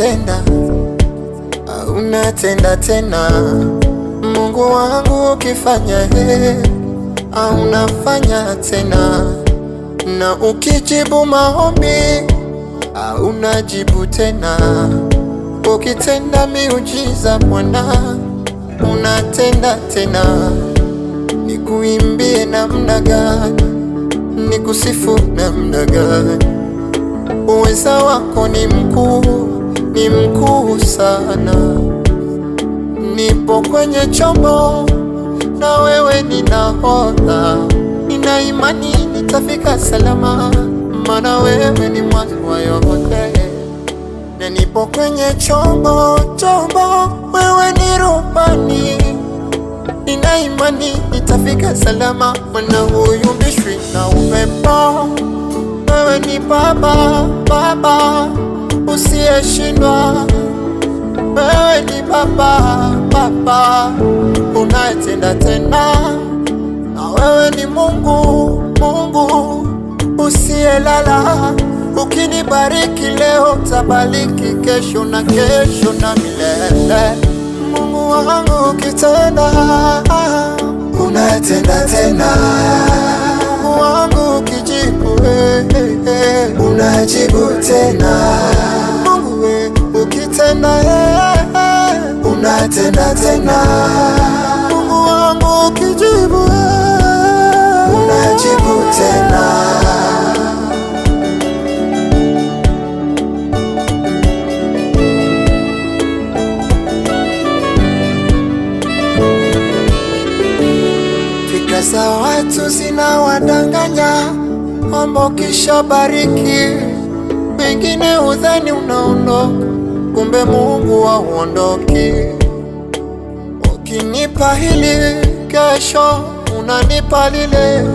ukitenda tenda tena. Mungu wangu ukifanya he aunafanya tena, na ukijibu maombi aunajibu tena. Ukitenda miujiza Bwana unatenda tena. Nikuimbie namna gani? Nikusifu namna gani? Uweza wako ni mkuu ni mkuu sana. Nipo kwenye chombo na wewe ni nahodha, nina imani nitafika salama, maana wewe ni mwanzo wa yote. Na nipo kwenye chombo chombo, wewe ni rubani, nina imani nitafika salama, maana huyumbishwi na upepo. Wewe ni baba baba usiyeshindwa. Wewe ni Baba, Baba unayetenda tena, na wewe ni Mungu, Mungu usiyelala. Ukinibariki leo tabariki kesho na kesho na milele. Mungu wangu ukitenda, unatenda tena. Mungu wangu ukijibu, eh, eh, eh, unajibu tena. tena tena. Mungu wangu ukijibu, unajibu tena. Fikra za watu zinawadanganya, omba kisha bariki wengine udhani unaondoka, kumbe Mungu hauondoki. Ukinipa hili kesho unanipa lile,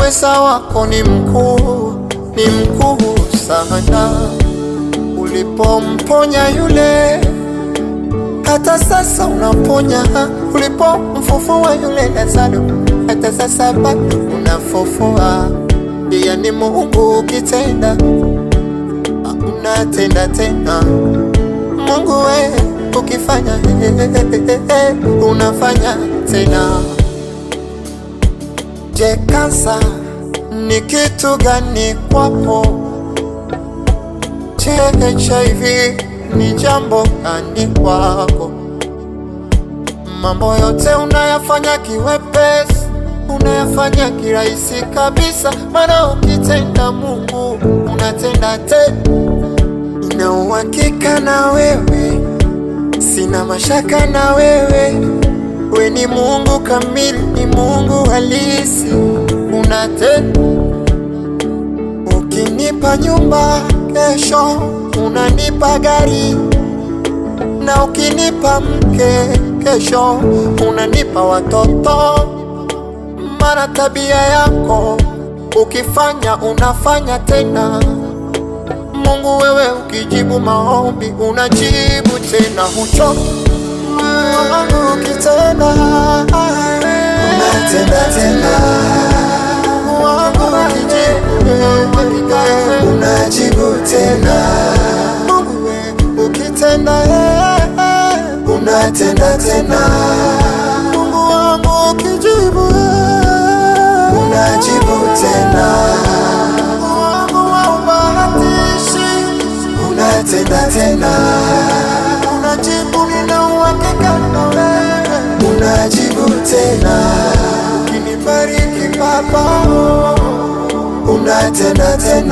weza wako ni mkuu, ni mkuu sana. Ulipomponya yule, hata sasa unaponya. Ulipomfufua yule Lazaro, hata sasa bado unafufua. Pia ni Mungu, ukitenda unatenda tena. Mungu wewe ukifanya eh, eh, eh, unafanya tena. Je, kansa ni kitu gani kwapo? Je, HIV ni jambo gani kwako? Mambo yote unayafanya kiwepesi, unayafanya kirahisi kabisa, mana ukitenda Mungu unatenda te, ina uhakika na wewe Sina mashaka na wewe, we ni Mungu kamili, ni Mungu halisi. Unatenda ukinipa nyumba, kesho unanipa gari, na ukinipa mke, kesho unanipa watoto. Mara tabia yako ukifanya, unafanya tena Mungu wewe ukijibu maombi unajibu tena, hucho ukitenda unatenda tena, eh, eh, eh. unatenda tena tena, unajibu nina uhakika na wewe, unajibu tena, ukinibariki papa unatenda tena,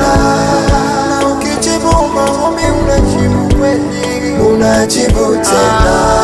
na ukijibu maumi unajibu kweli, unajibu tena